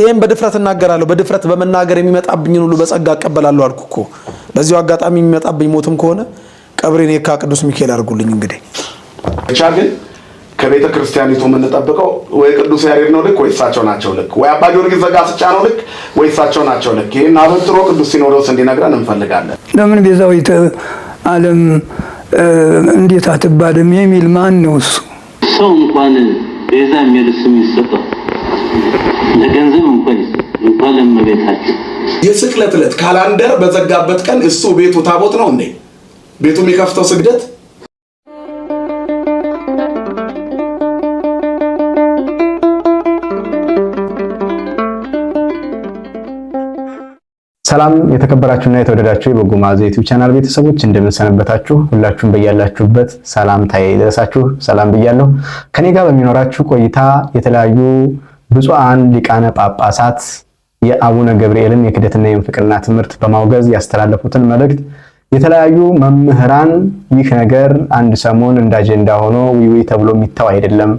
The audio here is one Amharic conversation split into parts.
ይህም በድፍረት እናገራለሁ። በድፍረት በመናገር የሚመጣብኝን ሁሉ በጸጋ እቀበላለሁ አልኩ እኮ። በዚሁ አጋጣሚ የሚመጣብኝ ሞትም ከሆነ ቀብሬን የካ ቅዱስ ሚካኤል አድርጉልኝ። እንግዲህ ብቻ ግን ከቤተ ክርስቲያኒቱ የምንጠብቀው ወይ ቅዱስ ያሬድ ነው ልክ ወይ እሳቸው ናቸው ልክ፣ ወይ አባ ጊዮርጊስ ዘጋስጫ ነው ልክ ወይ እሳቸው ናቸው ልክ። ይህን አበትሮ ቅዱስ ሲኖዶስ እንዲነግረን እንፈልጋለን። ለምን ቤዛዊተ ዓለም እንዴት አትባልም የሚል ማን ነው? እሱ ሰው እንኳን ቤዛ የሚል ስም ይሰጠው ለገንዘብ እንኳን እንኳን የስቅለት ዕለት ካላንደር በዘጋበት ቀን እሱ ቤቱ ታቦት ነው እንዴ? ቤቱ የሚከፍተው ስግደት ሰላም የተከበራችሁና የተወደዳችሁ የበጎ መዓዛ ዩቲዩብ ቻናል ቤተሰቦች እንደምንሰነበታችሁ፣ ሁላችሁም በያላችሁበት ሰላምታ ይድረሳችሁ። ሰላም ብያለሁ። ከኔ ጋር በሚኖራችሁ ቆይታ የተለያዩ ብፁዓን ሊቃነ ጳጳሳት የአቡነ ገብርኤልን የክደትና የምንፍቅና ትምህርት በማውገዝ ያስተላለፉትን መልእክት የተለያዩ መምህራን ይህ ነገር አንድ ሰሞን እንደ አጀንዳ ሆኖ ውይ ተብሎ የሚተው አይደለም፣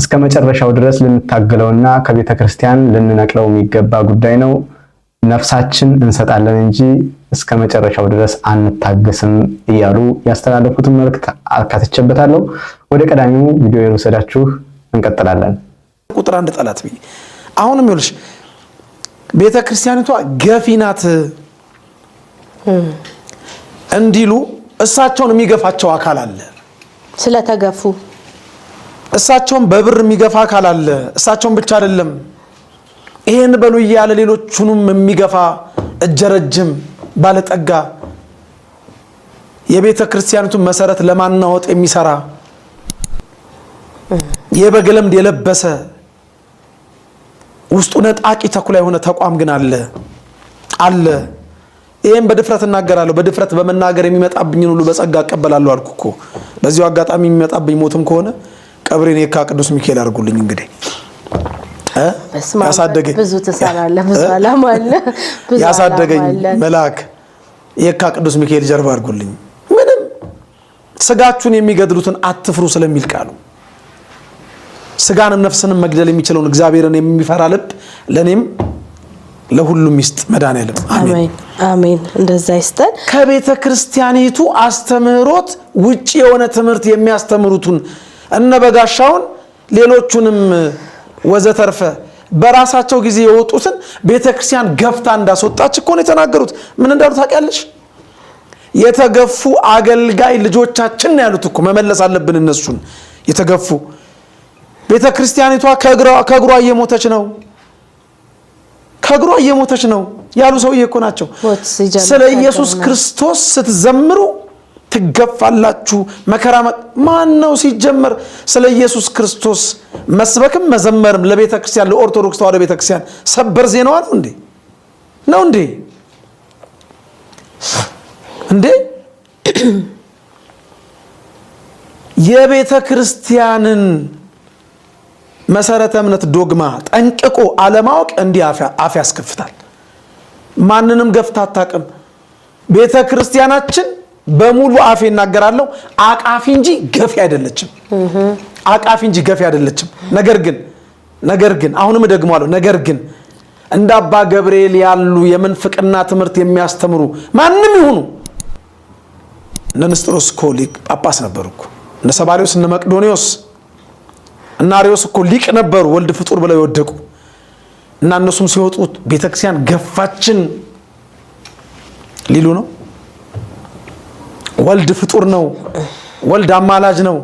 እስከ መጨረሻው ድረስ ልንታገለውና ከቤተ ክርስቲያን ልንነቅለው የሚገባ ጉዳይ ነው፣ ነፍሳችን እንሰጣለን እንጂ እስከ መጨረሻው ድረስ አንታገስም እያሉ ያስተላለፉትን መልእክት አካትቼበታለሁ። ወደ ቀዳሚው ቪዲዮ የወሰዳችሁ እንቀጥላለን። ቁጥር አንድ ጠላት ብዬ አሁንም ይኸውልሽ ቤተ ክርስቲያኒቷ ገፊ ናት እንዲሉ እሳቸውን የሚገፋቸው አካል አለ። ስለተገፉ እሳቸውን በብር የሚገፋ አካል አለ። እሳቸውን ብቻ አይደለም፣ ይሄን በሉ እያለ ሌሎቹንም የሚገፋ እጀረጅም ባለጠጋ የቤተ ክርስቲያኒቱን መሰረት ለማናወጥ የሚሰራ የበግ ለምድ የለበሰ ውስጡ ነጣቂ ተኩላ የሆነ ተቋም ግን አለ አለ። ይህም በድፍረት እናገራለሁ። በድፍረት በመናገር የሚመጣብኝን ሁሉ በጸጋ እቀበላለሁ አልኩ እኮ። በዚሁ አጋጣሚ የሚመጣብኝ ሞትም ከሆነ ቀብሬን የካ ቅዱስ ሚካኤል አድርጉልኝ። እንግዲህ ያሳደገኝ ያሳደገኝ መልአክ የካ ቅዱስ ሚካኤል ጀርባ አድርጉልኝ። ምንም ስጋችሁን የሚገድሉትን አትፍሩ ስለሚል ቃሉ ስጋንም ነፍስንም መግደል የሚችለውን እግዚአብሔርን የሚፈራ ልብ ለእኔም ለሁሉም ይስጥ መድኃኒዓለም አሜን አሜን። እንደዛ ይስጠን። ከቤተ ክርስቲያኒቱ አስተምህሮት ውጭ የሆነ ትምህርት የሚያስተምሩትን እነ በጋሻውን ሌሎቹንም ወዘተርፈ በራሳቸው ጊዜ የወጡትን ቤተ ክርስቲያን ገፍታ እንዳስወጣች እኮ ነው የተናገሩት። ምን እንዳሉ ታውቂያለሽ? የተገፉ አገልጋይ ልጆቻችን ያሉት እኮ መመለስ አለብን እነሱን የተገፉ ቤተ ክርስቲያኒቷ ከእግሯ እየሞተች ነው፣ ከእግሯ እየሞተች ነው ያሉ ሰውዬ እኮ ናቸው። ስለ ኢየሱስ ክርስቶስ ስትዘምሩ ትገፋላችሁ፣ መከራ ማን ነው? ሲጀመር ስለ ኢየሱስ ክርስቶስ መስበክም መዘመርም ለቤተ ክርስቲያን ለኦርቶዶክስ ተዋሕዶ ቤተ ክርስቲያን ሰበር ዜናዋ ነው እንዴ? ነው እንዴ? እንዴ የቤተ ክርስቲያንን መሰረተ እምነት ዶግማ ጠንቅቆ አለማወቅ እንዲህ አፍ ያስከፍታል። ማንንም ገፍታ አታውቅም። ቤተ ክርስቲያናችን በሙሉ አፍ ይናገራለሁ አቃፊ እንጂ ገፊ አይደለችም። አቃፊ እንጂ ገፊ አይደለችም። ነገር ግን ነገር ግን አሁንም እደግመዋለሁ፣ ነገር ግን እንደ አባ ገብርኤል ያሉ የምንፍቅና ትምህርት የሚያስተምሩ ማንም ይሁኑ እነ ንስጥሮስ ኮሊቅ ጳጳስ ነበሩ እኮ እነ እነ መቅዶኒዎስ እና አርዮስ እኮ ሊቅ ነበሩ፣ ወልድ ፍጡር ብለው የወደቁ እና እነሱም ሲወጡ ቤተክርስቲያን ገፋችን ሊሉ ነው። ወልድ ፍጡር ነው፣ ወልድ አማላጅ ነው፣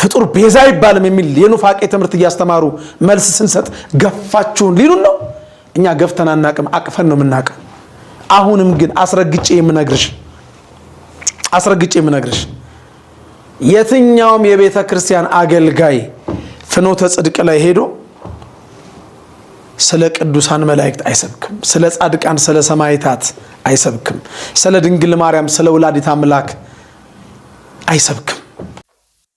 ፍጡር ቤዛ አይባልም የሚል የኑፋቄ ትምህርት እያስተማሩ መልስ ስንሰጥ ገፋችሁን ሊሉን ነው። እኛ ገፍተን አናቅም፣ አቅፈን ነው የምናቀው። አሁንም ግን አስረግጬ የምነግርሽ አስረግጬ የምነግርሽ የትኛውም የቤተ ክርስቲያን አገልጋይ ፍኖተ ጽድቅ ላይ ሄዶ ስለ ቅዱሳን መላእክት አይሰብክም። ስለ ጻድቃን፣ ስለ ሰማይታት አይሰብክም። ስለ ድንግል ማርያም፣ ስለ ወላዲተ አምላክ አይሰብክም።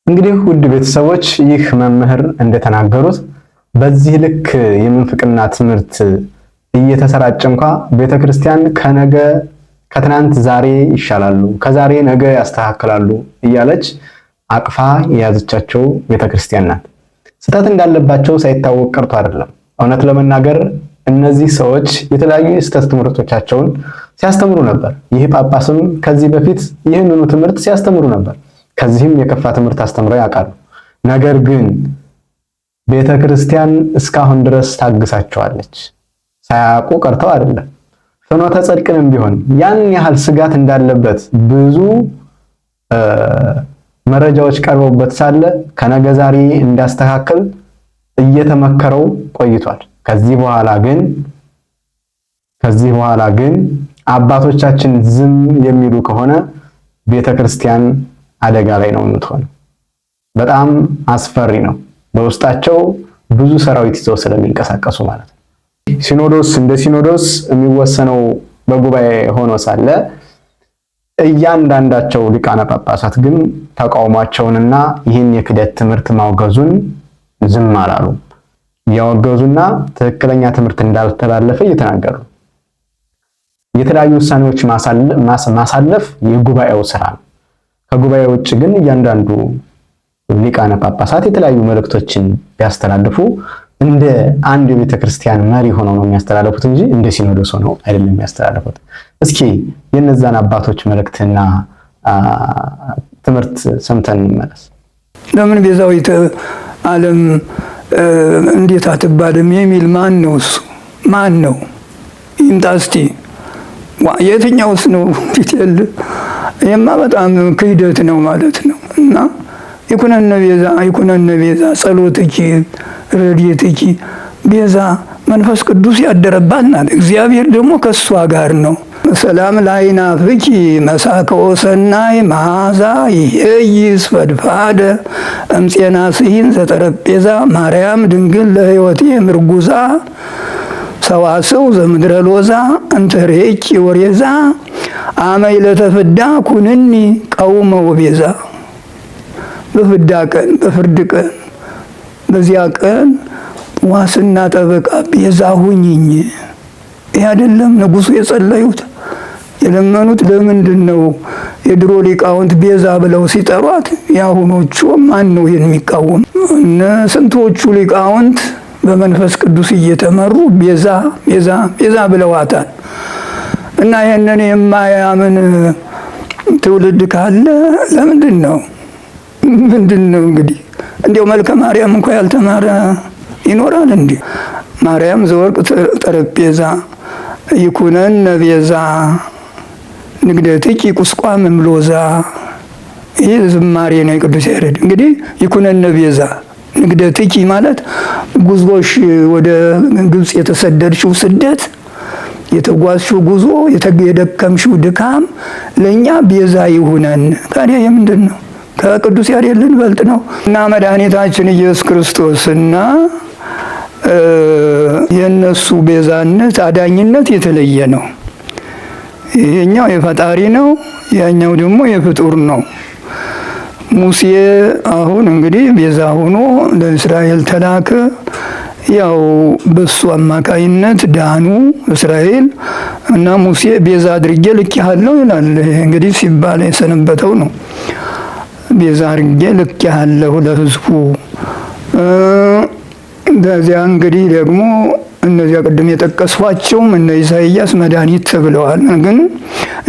እንግዲህ ውድ ቤተሰቦች ይህ መምህር እንደተናገሩት በዚህ ልክ የምንፍቅና ትምህርት እየተሰራጨ እንኳ ቤተ ክርስቲያን ከነገ ከትናንት ዛሬ ይሻላሉ፣ ከዛሬ ነገ ያስተካክላሉ እያለች አቅፋ የያዘቻቸው ቤተክርስቲያን ናት። ስህተት እንዳለባቸው ሳይታወቅ ቀርቶ አይደለም። እውነት ለመናገር እነዚህ ሰዎች የተለያዩ የስህተት ትምህርቶቻቸውን ሲያስተምሩ ነበር። ይህ ጳጳስም ከዚህ በፊት ይህንኑ ትምህርት ሲያስተምሩ ነበር። ከዚህም የከፋ ትምህርት አስተምረው ያውቃሉ። ነገር ግን ቤተ ክርስቲያን እስካሁን ድረስ ታግሳቸዋለች። ሳያውቁ ቀርተው አይደለም። ፍኖተ ጽድቅንም ቢሆን ያን ያህል ስጋት እንዳለበት ብዙ መረጃዎች ቀርበውበት ሳለ ከነገ ዛሬ እንዳስተካከል እየተመከረው ቆይቷል። ከዚህ በኋላ ግን ከዚህ በኋላ ግን አባቶቻችን ዝም የሚሉ ከሆነ ቤተ ክርስቲያን አደጋ ላይ ነው የምትሆን። በጣም አስፈሪ ነው። በውስጣቸው ብዙ ሰራዊት ይዘው ስለሚንቀሳቀሱ ማለት ነው። ሲኖዶስ እንደ ሲኖዶስ የሚወሰነው በጉባኤ ሆኖ ሳለ እያንዳንዳቸው ሊቃነ ጳጳሳት ግን ተቃውሟቸውንና ይህን የክደት ትምህርት ማውገዙን ዝም አላሉ። እያወገዙና ትክክለኛ ትምህርት እንዳልተላለፈ እየተናገሩ የተለያዩ ውሳኔዎች ማሳለፍ የጉባኤው ስራ ነው። ከጉባኤ ውጭ ግን እያንዳንዱ ሊቃነ ጳጳሳት የተለያዩ መልእክቶችን ቢያስተላልፉ እንደ አንድ የቤተ ክርስቲያን መሪ ሆነው ነው የሚያስተላለፉት እንጂ እንደ ሲኖዶስ ሆነው አይደለም የሚያስተላለፉት። እስኪ የነዛን አባቶች መልእክትና ትምህርት ሰምተን እንመለስ። ለምን ቤዛዊተ ዓለም እንዴት አትባልም የሚል ማን ነው? እሱ ማን ነው? ይምጣ እስቲ። የትኛውስ ነው ፊትል የማ በጣም ክህደት ነው ማለት ነው። እና ይኩነነ ቤዛ አይኩነነ ቤዛ ጸሎት ረድኤትኪ ቤዛ መንፈስ ቅዱስ ያደረባት ናት። እግዚአብሔር ደግሞ ከእሷ ጋር ነው። ሰላም ለአይናፍኪ መሳከወ ሰናይ መዓዛ ይሄይ ስፈድፋደ ስሂን ዘጠረጴዛ ማርያም ድንግል ለህይወት ምርጉዛ ሰዋሰው ዘምድረ ሎዛ እንተሬኪ ወሬዛ አመይ ለተፍዳ ኩንኒ ቀውመ ቤዛ በፍዳ ቀን በፍርድ ቀን በዚያ ቀን ዋስና ጠበቃ ቤዛ ሁኝኝ። ይህ አይደለም ንጉሱ የጸለዩት የለመኑት ለምንድን ነው? የድሮ ሊቃውንት ቤዛ ብለው ሲጠሯት የአሁኖቹ ማን ነው ይህን የሚቃወም? እነ ስንቶቹ ሊቃውንት በመንፈስ ቅዱስ እየተመሩ ቤዛ ቤዛ ቤዛ ብለዋታል። እና ይህንን የማያምን ትውልድ ካለ ለምንድን ነው ምንድን ነው እንግዲህ እንዲው መልከ ማርያም እንኳ ያልተማረ ይኖራል እንዴ? ማርያም ዘወርቅ ጠረጴዛ ይኩነን ነቤዛ ንግደትኪ ቁስቋም እምሎዛ። ይህ ዝማሬ ነው የቅዱስ ያሬድ። እንግዲህ ይኩነን ነቤዛ ንግደትኪ ማለት ጉዞሽ ወደ ግብፅ የተሰደድሽው ስደት የተጓዝሽው ጉዞ የደከምሽው ድካም ለእኛ ቤዛ ይሁነን። ታዲያ የምንድን ነው? ከቅዱስ ያሬድ ልንበልጥ ነው እና መድኃኒታችን ኢየሱስ ክርስቶስና የእነሱ ቤዛነት አዳኝነት የተለየ ነው። ይሄኛው የፈጣሪ ነው፣ ያኛው ደግሞ የፍጡር ነው። ሙሴ አሁን እንግዲህ ቤዛ ሆኖ ለእስራኤል ተላከ። ያው በሱ አማካይነት ዳኑ እስራኤል እና ሙሴ ቤዛ አድርጌ ልኬሃለሁ ይላል። እንግዲህ ሲባል የሰነበተው ነው። ቤዛ አድርጌ ልክ ያለሁ ለህዝቡ። በዚያ እንግዲህ ደግሞ እነዚያ ቅድም የጠቀስኋቸውም እነ ኢሳይያስ መድኃኒት ተብለዋል። ግን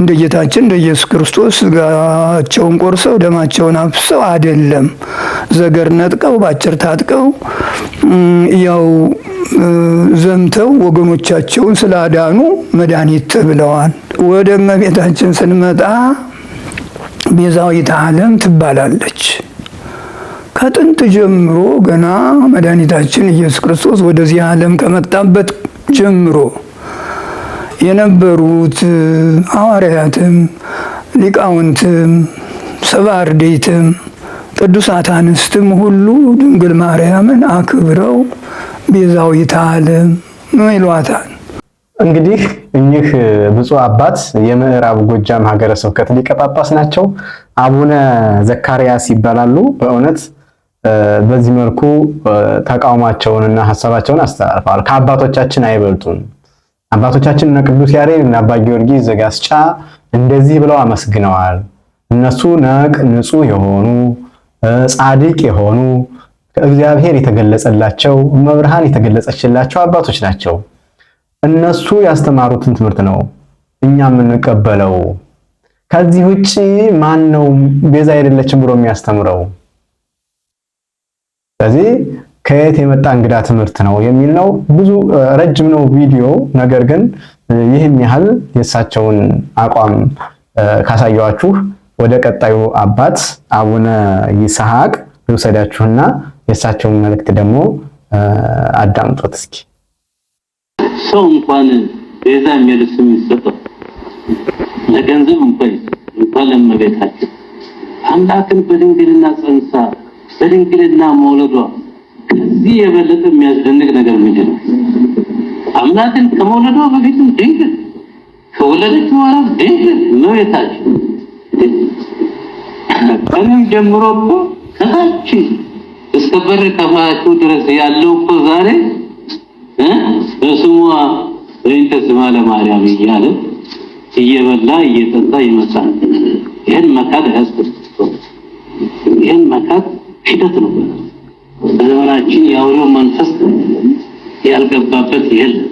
እንደ ጌታችን እንደ ኢየሱስ ክርስቶስ ስጋቸውን ቆርሰው ደማቸውን አፍሰው አይደለም፣ ዘገር ነጥቀው በአጭር ታጥቀው ያው ዘምተው ወገኖቻቸውን ስላዳኑ መድኃኒት ተብለዋል። ወደ እመቤታችን ስንመጣ ቤዛዊተ ዓለም ትባላለች። ከጥንት ጀምሮ ገና መድኃኒታችን ኢየሱስ ክርስቶስ ወደዚህ ዓለም ከመጣበት ጀምሮ የነበሩት ሐዋርያትም ሊቃውንትም ሰባርዴትም ቅዱሳት አንስትም ሁሉ ድንግል ማርያምን አክብረው ቤዛዊተ ዓለም ይሏታል። እንግዲህ እኚህ ብፁዕ አባት የምዕራብ ጎጃም ሀገረ ስብከት ሊቀ ጳጳስ ናቸው። አቡነ ዘካርያስ ይባላሉ። በእውነት በዚህ መልኩ ተቃውማቸውንና ሀሳባቸውን አስተላልፈዋል። ከአባቶቻችን አይበልጡም። አባቶቻችን እነ ቅዱስ ያሬድ እና አባ ጊዮርጊስ ዘጋስጫ እንደዚህ ብለው አመስግነዋል። እነሱ ነቅ ንጹህ የሆኑ ጻድቅ የሆኑ ከእግዚአብሔር የተገለጸላቸው መብርሃን የተገለጸችላቸው አባቶች ናቸው። እነሱ ያስተማሩትን ትምህርት ነው እኛ የምንቀበለው። ከዚህ ውጪ ማን ነው ቤዛ አይደለችም ብሎ የሚያስተምረው? ስለዚህ ከየት የመጣ እንግዳ ትምህርት ነው የሚል ነው። ብዙ ረጅም ነው ቪዲዮ፣ ነገር ግን ይህን ያህል የእሳቸውን አቋም ካሳየዋችሁ ወደ ቀጣዩ አባት አቡነ ይስሐቅ ልውሰዳችሁና የእሳቸውን መልእክት ደግሞ አዳምጦት እስኪ ሰው እንኳን ቤዛ የሚል ስም ይሰጠው ለገንዘብ እንኳን እንኳን ለመቤታችን አምላክን በድንግልና ጸንሳ በድንግልና መውለዷ ከዚህ የበለጠ የሚያስደንቅ ነገር ምንድን ነው? አምላክን ከመውለዷ በፊትም ድንግል ከወለደች በኋላ ድንግል ነው የታችን ጀምሮ እኮ ከታች እስከ በር ከማያቸው ድረስ ያለው እኮ ዛሬ በስሟ በእንተ ስማ ለማርያም እያለ እየበላ እየጠጣ ይመጣል። ይህን መካድ አያስደስትም። ይህን መካድ ሂደት ነው። በዘመናችን የአውሬው መንፈስ ያልገባበት የለም።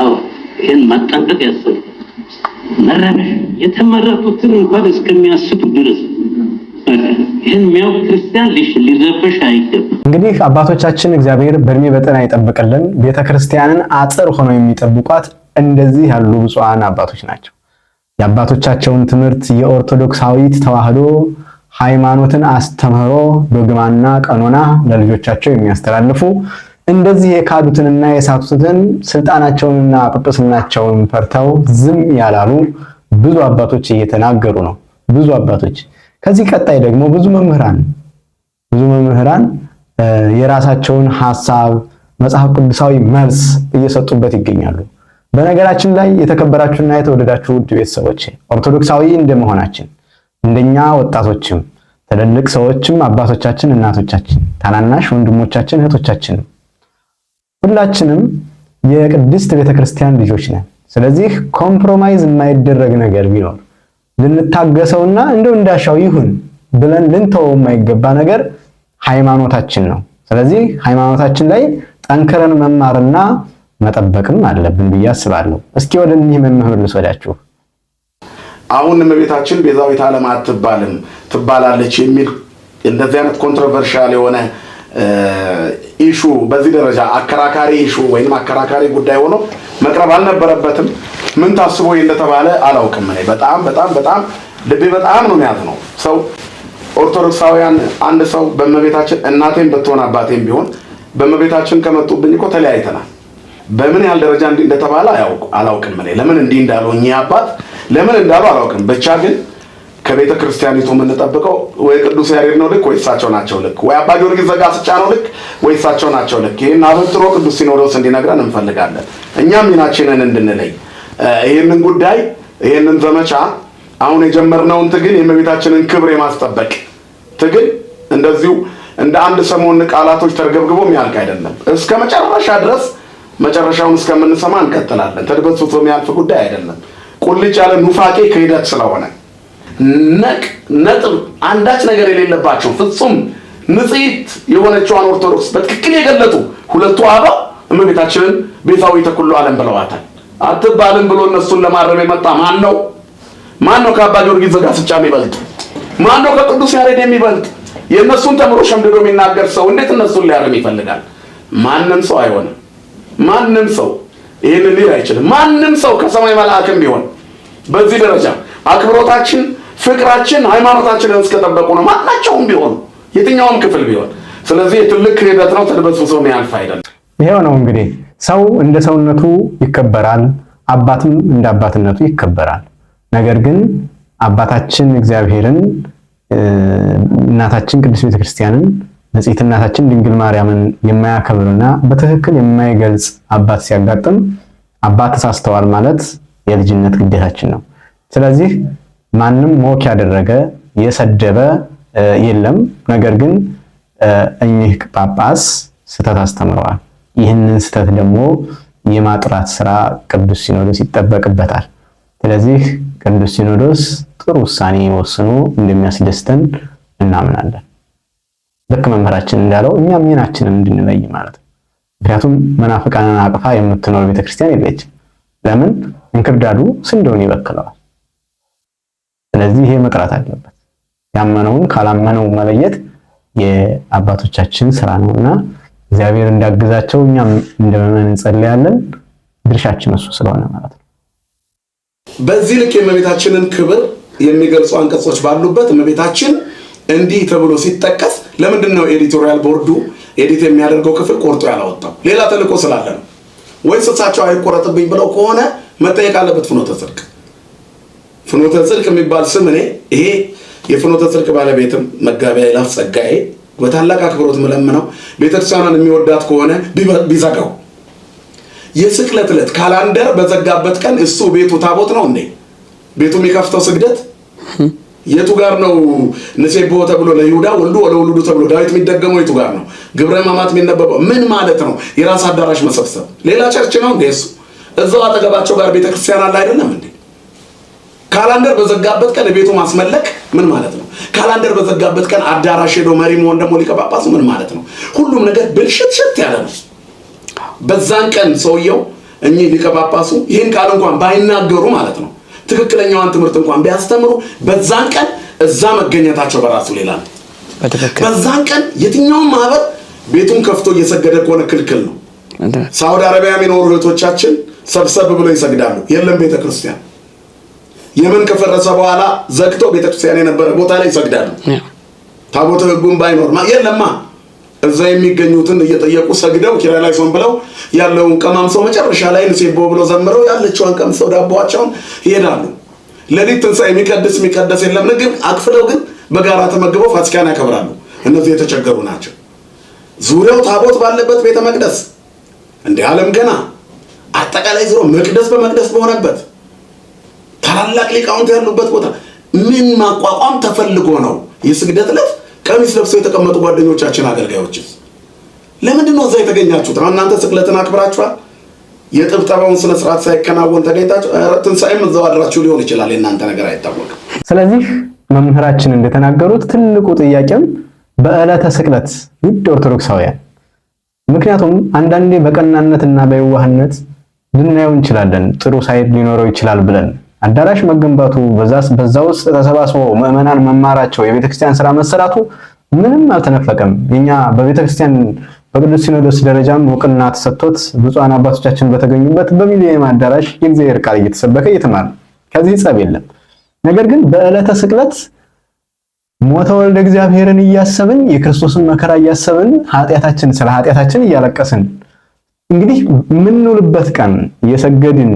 አዎ ይህን መጠንቀቅ ያስፈልጋል። መረበሽ የተመረጡትን እንኳን እስከሚያስቱ ድረስ ይህን የሚያውቅ ክርስቲያን ሊረበሽ አይገባም። እንግዲህ አባቶቻችን እግዚአብሔር በእድሜ በጤና ይጠብቅልን። ቤተ ክርስቲያንን አጥር ሆነው የሚጠብቋት እንደዚህ ያሉ ብፁዓን አባቶች ናቸው። የአባቶቻቸውን ትምህርት የኦርቶዶክሳዊት ተዋህዶ ሃይማኖትን አስተምህሮ ዶግማና ቀኖና ለልጆቻቸው የሚያስተላልፉ እንደዚህ የካዱትንና የሳቱትን ስልጣናቸውንና ጵጵስናቸውን ፈርተው ዝም ያላሉ ብዙ አባቶች እየተናገሩ ነው። ብዙ አባቶች ከዚህ ቀጣይ ደግሞ ብዙ መምህራን ብዙ መምህራን የራሳቸውን ሐሳብ መጽሐፍ ቅዱሳዊ መልስ እየሰጡበት ይገኛሉ። በነገራችን ላይ የተከበራችሁና የተወደዳችሁ ውድ ቤተሰቦች ኦርቶዶክሳዊ እንደመሆናችን እንደኛ ወጣቶችም ትልልቅ ሰዎችም አባቶቻችን፣ እናቶቻችን፣ ታናናሽ ወንድሞቻችን፣ እህቶቻችን ሁላችንም የቅድስት ቤተክርስቲያን ልጆች ነን። ስለዚህ ኮምፕሮማይዝ የማይደረግ ነገር ቢኖር ልንታገሰውና እንደው እንዳሻው ይሁን ብለን ልንተወው የማይገባ ነገር ሃይማኖታችን ነው። ስለዚህ ሃይማኖታችን ላይ ጠንክረን መማርና መጠበቅም አለብን ብዬ አስባለሁ። እስኪ ወደ እኒህ መምህር ልስወዳችሁ። አሁን እመቤታችን ቤዛዊት ዓለም አትባልም ትባላለች የሚል እንደዚህ አይነት ኮንትሮቨርሻል የሆነ ኢሹ በዚህ ደረጃ አከራካሪ ኢሹ ወይም አከራካሪ ጉዳይ ሆኖ መቅረብ አልነበረበትም። ምን ታስቦ እንደተባለ አላውቅም። እኔ በጣም በጣም በጣም ልቤ በጣም ነው የሚያዝ ነው ሰው ኦርቶዶክሳውያን አንድ ሰው በእመቤታችን እናቴም ብትሆን አባቴም ቢሆን በእመቤታችን ከመጡብኝ እኮ ተለያይተናል። በምን ያህል ደረጃ እንደተባለ አላውቅም። እኔ ለምን እንዲህ እንዳሉ እኚህ አባት ለምን እንዳሉ አላውቅም ብቻ ግን ከቤተ ክርስቲያኒቱ የምንጠብቀው ወይ ቅዱስ ያሬድ ነው ልክ ወይ እሳቸው ናቸው ልክ፣ ወይ አባ ጊዮርጊስ ዘጋስጫ ነው ልክ ወይ እሳቸው ናቸው ልክ። ይህን አበጥሮ ቅዱስ ሲኖዶስ እንዲነግረን እንፈልጋለን። እኛም ሚናችንን እንድንለይ ይህንን ጉዳይ ይህንን ዘመቻ አሁን የጀመርነውን ትግል የእመቤታችንን ክብር የማስጠበቅ ትግል እንደዚሁ እንደ አንድ ሰሞን ቃላቶች ተርገብግቦ የሚያልቅ አይደለም። እስከ መጨረሻ ድረስ መጨረሻውን እስከምንሰማ እንቀጥላለን። ተድበስብሶ የሚያልፍ ጉዳይ አይደለም። ቁልጭ ያለ ኑፋቄ ክህደት ስለሆነ ነቅ ነጥብ አንዳች ነገር የሌለባቸው ፍጹም ንጽሕት የሆነችዋን ኦርቶዶክስ በትክክል የገለጡ ሁለቱ አበው እመቤታችንን ቤዛዊተ ኩሉ ዓለም ብለዋታል። አትባልም ብሎ እነሱን ለማረም የመጣ ማን ነው? ማን ነው ከአባ ጊዮርጊስ ዘጋስጫ የሚበልጥ? ማን ነው ከቅዱስ ያሬድ የሚበልጥ? የእነሱን ተምሮ ሸምድዶ የሚናገር ሰው እንዴት እነሱን ሊያርም ይፈልጋል? ማንም ሰው አይሆንም። ማንም ሰው ይህንን ሊል አይችልም። ማንም ሰው ከሰማይ መልአክም ቢሆን በዚህ ደረጃ አክብሮታችን ፍቅራችን ሃይማኖታችንን እስከጠበቁ ነው። ማናቸውም ቢሆን የትኛውም ክፍል ቢሆን ስለዚህ የትልቅ ሂደት ነው። ተድበስብሶ የሚያልፍ አይደለም። ይሄው ነው እንግዲህ ሰው እንደ ሰውነቱ ይከበራል፣ አባትም እንደ አባትነቱ ይከበራል። ነገር ግን አባታችን እግዚአብሔርን እናታችን ቅድስት ቤተክርስቲያንን ንጽሕት እናታችን ድንግል ማርያምን የማያከብርና በትክክል የማይገልጽ አባት ሲያጋጥም አባት ተሳስተዋል ማለት የልጅነት ግዴታችን ነው። ስለዚህ ማንም ሞክ ያደረገ የሰደበ የለም። ነገር ግን እኚህ ጳጳስ ስህተት አስተምረዋል። ይህንን ስህተት ደግሞ የማጥራት ስራ ቅዱስ ሲኖዶስ ይጠበቅበታል። ስለዚህ ቅዱስ ሲኖዶስ ጥሩ ውሳኔ ወስኖ እንደሚያስደስተን እናምናለን። ልክ መምህራችን እንዳለው እኛ ሚናችንን እንድንለይ ማለት ነው። ምክንያቱም መናፍቃንን አቅፋ የምትኖር ቤተክርስቲያን የለችም። ለምን? እንክርዳዱ ስንዴውን ይበክለዋል። ስለዚህ ይሄ መቅራት አለበት። ያመነውን ካላመነው መለየት የአባቶቻችን ስራ ነውና እግዚአብሔር እንዳግዛቸው እኛም እንደመመን እንጸልያለን። ድርሻችን እሱ ስለሆነ ማለት ነው። በዚህ ልክ የእመቤታችንን ክብር የሚገልጹ አንቀጾች ባሉበት እመቤታችን እንዲህ ተብሎ ሲጠቀስ ለምንድን ነው ኤዲቶሪያል ቦርዱ ኤዲት የሚያደርገው ክፍል ቆርጦ ያላወጣው? ሌላ ተልቆ ስላለ ነው ወይስ እሳቸው አይቆረጥብኝ ብለው ከሆነ መጠየቅ አለበት ፍኖተ ጽድቅ ፍኖተ ጽድቅ የሚባል ስም እኔ ይሄ የፍኖተ ጽድቅ ባለቤትም መጋቢያ ይላፍ ጸጋዬ በታላቅ አክብሮት ምለምነው ቤተክርስቲያኗን የሚወዳት ከሆነ ቢዘጋው የስቅለት ዕለት ካላንደር በዘጋበት ቀን እሱ ቤቱ ታቦት ነው እንዴ? ቤቱ የሚከፍተው ስግደት የቱ ጋር ነው? ንሴብሖ ተብሎ ለይሁዳ ወልዱ ወለውሉዱ ተብሎ ዳዊት የሚደገመው የቱ ጋር ነው? ግብረ ሕማማት የሚነበበው ምን ማለት ነው? የራስ አዳራሽ መሰብሰብ ሌላ ቸርች ነው እንዴ? እሱ እዛው አጠገባቸው ጋር ቤተክርስቲያን አለ አይደለም እንዴ? ካላንደር በዘጋበት ቀን ቤቱ ማስመለክ ምን ማለት ነው? ካላንደር በዘጋበት ቀን አዳራሽ ሄዶ መሪ መሆን ደግሞ ሊቀ ጳጳሱ ምን ማለት ነው? ሁሉም ነገር ብልሽትሽት ያለ ነው። በዛን ቀን ሰውየው እኚህ ሊቀ ጳጳሱ ይህን ቃል እንኳን ባይናገሩ ማለት ነው ትክክለኛዋን ትምህርት እንኳን ቢያስተምሩ በዛን ቀን እዛ መገኘታቸው በራሱ ሌላ ነው። በዛን ቀን የትኛውም ማህበር ቤቱን ከፍቶ እየሰገደ ከሆነ ክልክል ነው። ሳውዲ አረቢያ የሚኖሩ እህቶቻችን ሰብሰብ ብለው ይሰግዳሉ። የለም ቤተክርስቲያን? የመን ከፈረሰ በኋላ ዘግተው ቤተክርስቲያን የነበረ ቦታ ላይ ይሰግዳሉ። ታቦተ ሕጉም ባይኖር የለማ እዛ የሚገኙትን እየጠየቁ ሰግደው ኪራ ላይ ሶን ብለው ያለውን ቀማምሰው መጨረሻ ላይ ንሴቦ ብለው ዘምረው ያለችዋን ቀምሰው ዳቦዋቸውን ይሄዳሉ። ሌሊት ትንሣኤ የሚቀድስ የሚቀደስ የለም። ንግብ አክፍለው ግን በጋራ ተመግበው ፋሲካን ያከብራሉ። እነዚህ የተቸገሩ ናቸው። ዙሪያው ታቦት ባለበት ቤተ መቅደስ እንደ ዓለም ገና አጠቃላይ ዙሮ መቅደስ በመቅደስ በሆነበት ታላላቅ ሊቃውንት ያሉበት ቦታ ምን ማቋቋም ተፈልጎ ነው? የስግደት ዕለት ቀሚስ ለብሰው የተቀመጡ ጓደኞቻችን አገልጋዮችስ ለምንድን ነው እዛ የተገኛችሁት? አሁን እናንተ ስቅለትን አክብራችኋል። የጥብጠባውን ስነ ስርዓት ሳይከናወን ተገኝታችሁ ትንሳኤም እዛው አድራችሁ ሊሆን ይችላል። የእናንተ ነገር አይታወቅም። ስለዚህ መምህራችን እንደተናገሩት ትልቁ ጥያቄም በዕለተ ስቅለት ውድ ኦርቶዶክሳውያን፣ ምክንያቱም አንዳንዴ በቀናነትና በየዋህነት ልናየው እንችላለን ጥሩ ሳይድ ሊኖረው ይችላል ብለን አዳራሽ መገንባቱ በዛ ውስጥ ተሰባስቦ ምዕመናን መማራቸው የቤተክርስቲያን ስራ መሰራቱ ምንም አልተነፈቀም። እኛ በቤተክርስቲያን በቅዱስ ሲኖዶስ ደረጃም እውቅና ተሰጥቶት ብፁዓን አባቶቻችን በተገኙበት በሚሊኒየም አዳራሽ የእግዚአብሔር ቃል እየተሰበከ እየተማረ ከዚህ ጸብ የለም። ነገር ግን በዕለተ ስቅለት ሞተ ወልደ እግዚአብሔርን እያሰብን የክርስቶስን መከራ እያሰብን ኃጢአታችን ስለ ኃጢአታችን እያለቀስን እንግዲህ የምንውልበት ቀን እየሰገድን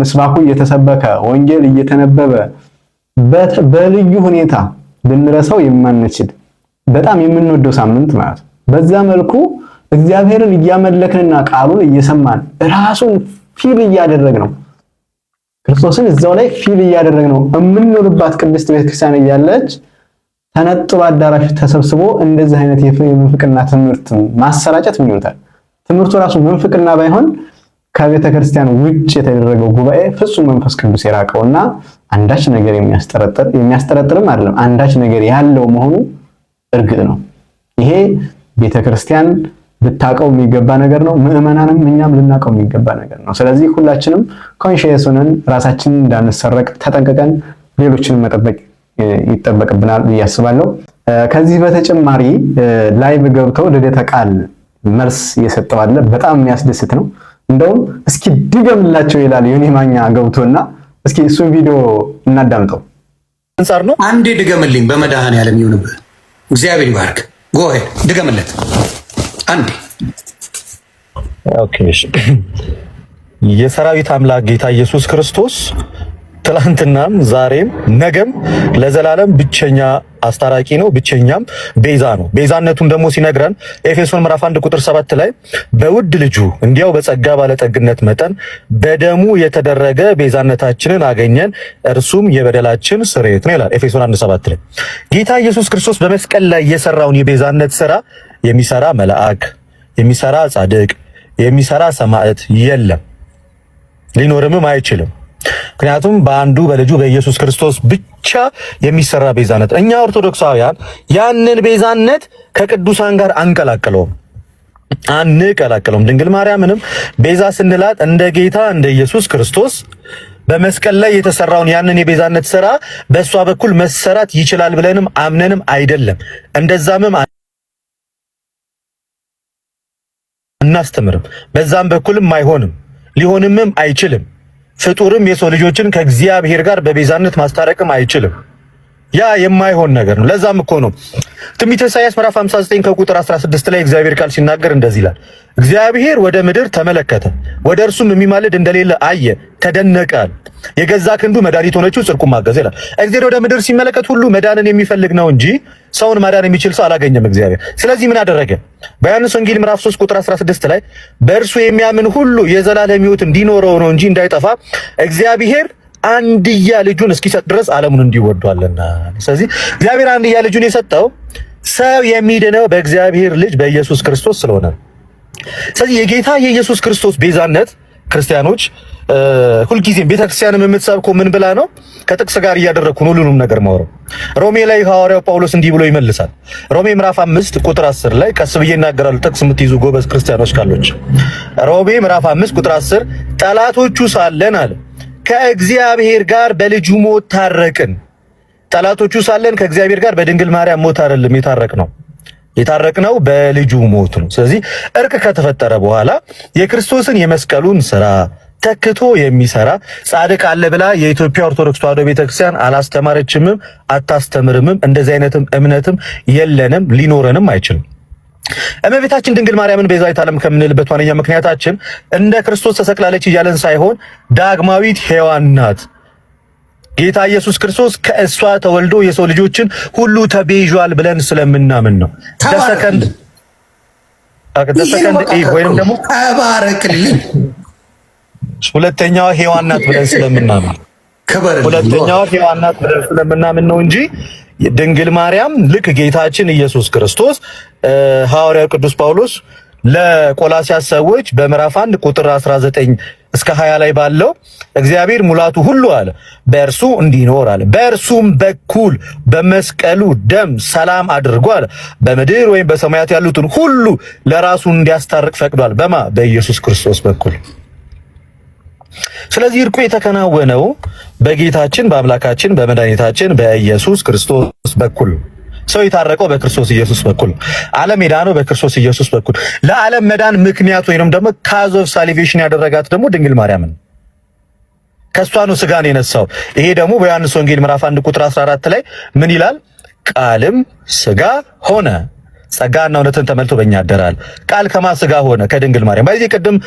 ምስባኩ እየተሰበከ ወንጌል እየተነበበ በልዩ ሁኔታ ልንረሳው የማንችል በጣም የምንወደው ሳምንት ማለት ነው። በዛ መልኩ እግዚአብሔርን እያመለክንና ቃሉን እየሰማን ራሱን ፊል እያደረግ ነው ክርስቶስን እዛው ላይ ፊል እያደረግ ነው የምንውልባት ቅድስት ቤተክርስቲያን እያለች ተነጥሎ አዳራሽ ተሰብስቦ እንደዚህ አይነት የፍቅርና ትምህርት ማሰራጨት ምን ይሆናል? ትምህርቱ ራሱ ምንፍቅና ባይሆን ከቤተ ክርስቲያን ውጭ የተደረገው ጉባኤ ፍጹም መንፈስ ቅዱስ የራቀውና አንዳች ነገር የሚያስጠረጥር የሚያስጠረጥርም አይደለም አንዳች ነገር ያለው መሆኑ እርግጥ ነው። ይሄ ቤተ ክርስቲያን ብታቀው የሚገባ ነገር ነው። ምዕመናንም እኛም ልናውቀው የሚገባ ነገር ነው። ስለዚህ ሁላችንም ኮንሽየስ ሆነን ራሳችንን እንዳንሰረቅ ተጠንቅቀን ሌሎችንም መጠበቅ ይጠበቅብናል ብዬ አስባለሁ። ከዚህ በተጨማሪ ላይቭ ገብተው ልደተ ቃል መልስ እየሰጠው አለ። በጣም የሚያስደስት ነው። እንደውም እስኪ ድገምላቸው ይላል ዮኒ ማኛ ገብቶና፣ እስኪ እሱን ቪዲዮ እናዳምጠው። አንጻር ነው። አንዴ ድገምልኝ ያለም ይሁንብህ፣ እግዚአብሔር ይባርክ። ጎሄ ድገምለት አንዴ። ኦኬ የሰራዊት አምላክ ጌታ ኢየሱስ ክርስቶስ ትላንትናም ዛሬም ነገም ለዘላለም ብቸኛ አስታራቂ ነው፣ ብቸኛም ቤዛ ነው። ቤዛነቱን ደግሞ ሲነግረን ኤፌሶን ምዕራፍ 1 ቁጥር 7 ላይ በውድ ልጁ እንዲያው በጸጋ ባለጠግነት መጠን በደሙ የተደረገ ቤዛነታችንን አገኘን፣ እርሱም የበደላችን ስርየት ነው ይላል ኤፌሶን 1 7 ላይ ጌታ ኢየሱስ ክርስቶስ በመስቀል ላይ የሰራውን የቤዛነት ስራ የሚሰራ መልአክ፣ የሚሰራ ጻድቅ፣ የሚሰራ ሰማዕት የለም፣ ሊኖርምም አይችልም። ምክንያቱም በአንዱ በልጁ በኢየሱስ ክርስቶስ ብቻ የሚሰራ ቤዛነት፣ እኛ ኦርቶዶክሳውያን ያንን ቤዛነት ከቅዱሳን ጋር አንቀላቅለውም አንቀላቅለውም። ድንግል ማርያምንም ቤዛ ስንላት እንደ ጌታ እንደ ኢየሱስ ክርስቶስ በመስቀል ላይ የተሰራውን ያንን የቤዛነት ስራ በእሷ በኩል መሰራት ይችላል ብለንም አምነንም አይደለም እንደዛምም እናስተምርም። በዛም በኩልም አይሆንም ሊሆንምም አይችልም። ፍጡርም የሰው ልጆችን ከእግዚአብሔር ጋር በቤዛነት ማስታረቅም አይችልም። ያ የማይሆን ነገር ነው። ለዛም እኮ ነው ትንቢተ ኢሳይያስ ምዕራፍ 59 ከቁጥር 16 ላይ እግዚአብሔር ቃል ሲናገር እንደዚህ ይላል፣ እግዚአብሔር ወደ ምድር ተመለከተ፣ ወደ እርሱም የሚማልድ እንደሌለ አየ፣ ተደነቀ። የገዛ ክንዱ መድኃኒት ሆነችው፣ ጽድቁም አገዘ ይላል። እግዚአብሔር ወደ ምድር ሲመለከት ሁሉ መዳንን የሚፈልግ ነው እንጂ ሰውን ማዳን የሚችል ሰው አላገኘም እግዚአብሔር። ስለዚህ ምን አደረገ? በዮሐንስ ወንጌል ምዕራፍ 3 ቁጥር 16 ላይ በእርሱ የሚያምን ሁሉ የዘላለም ሕይወት እንዲኖረው ነው እንጂ እንዳይጠፋ እግዚአብሔር አንድያ ልጁን እስኪሰጥ ድረስ ዓለሙን እንዲወዷልና። ስለዚህ እግዚአብሔር አንድያ ልጁን የሰጠው ሰው የሚድነው በእግዚአብሔር ልጅ በኢየሱስ ክርስቶስ ስለሆነ። ስለዚህ የጌታ የኢየሱስ ክርስቶስ ቤዛነት ክርስቲያኖች ሁልጊዜም ቤተክርስቲያንም የምትሰብከው ምን ብላ ነው? ከጥቅስ ጋር እያደረግኩ ነው ሁሉንም ነገር ማውረው። ሮሜ ላይ ሐዋርያው ጳውሎስ እንዲህ ብሎ ይመልሳል። ሮሜ ምዕራፍ አምስት ቁጥር አስር ላይ ቀስ ብዬ እናገራለሁ፣ ጥቅስ የምትይዙ ጎበዝ ክርስቲያኖች ካሎች። ሮሜ ምዕራፍ አምስት ቁጥር አስር ጠላቶቹ ሳለን አለ ከእግዚአብሔር ጋር በልጁ ሞት ታረቅን። ጠላቶቹ ሳለን ከእግዚአብሔር ጋር በድንግል ማርያም ሞት አይደለም የታረቅ ነው ነው በልጁ ሞት ነው። ስለዚህ እርቅ ከተፈጠረ በኋላ የክርስቶስን የመስቀሉን ስራ ተክቶ የሚሰራ ጻድቅ አለ ብላ የኢትዮጵያ ኦርቶዶክስ ተዋህዶ ቤተክርስቲያን አላስተማረችምም፣ አታስተምርምም። እንደዚህ አይነትም እምነትም የለንም፣ ሊኖረንም አይችልም። እመቤታችን ድንግል ማርያምን ቤዛዊት ዓለም ከምንልበት ዋነኛ ምክንያታችን እንደ ክርስቶስ ተሰቅላለች እያለን ሳይሆን ዳግማዊት ሔዋን ናት። ጌታ ኢየሱስ ክርስቶስ ከእሷ ተወልዶ የሰው ልጆችን ሁሉ ተቤዣል ብለን ስለምናምን ነው። ደሰከንድ ወይንም ደግሞ ተባረክልኝ ሁለተኛዋ ሔዋን ናት ብለን ስለምናምን ሁለተኛዋ ሔዋን ናት ብለን ስለምናምን ነው እንጂ ድንግል ማርያም ልክ ጌታችን ኢየሱስ ክርስቶስ ሐዋርያው ቅዱስ ጳውሎስ ለቆላሲያስ ሰዎች በምዕራፍ 1 ቁጥር 19 እስከ 20 ላይ ባለው እግዚአብሔር ሙላቱ ሁሉ አለ በእርሱ እንዲኖር አለ በእርሱም በኩል በመስቀሉ ደም ሰላም አድርጓል በምድር ወይም በሰማያት ያሉትን ሁሉ ለራሱ እንዲያስታርቅ ፈቅዷል። በማ በኢየሱስ ክርስቶስ በኩል ስለዚህ እርቁ የተከናወነው በጌታችን በአምላካችን በመድኃኒታችን በኢየሱስ ክርስቶስ በኩል ሰው የታረቀው በክርስቶስ ኢየሱስ በኩል ዓለም የዳነው በክርስቶስ ኢየሱስ በኩል ለዓለም መዳን ምክንያት ወይንም ደግሞ ካዝ ኦፍ ሳልቬሽን ያደረጋት ደግሞ ድንግል ማርያምን ከሷ ነው ስጋን የነሳው። ይሄ ደግሞ በዮሐንስ ወንጌል ምዕራፍ 1 ቁጥር 14 ላይ ምን ይላል? ቃልም ስጋ ሆነ ጸጋና እውነትን ተመልቶ በእኛ አደራል። ቃል ከማ ስጋ ሆነ ከድንግል ማርያም። በዚህ ቅድም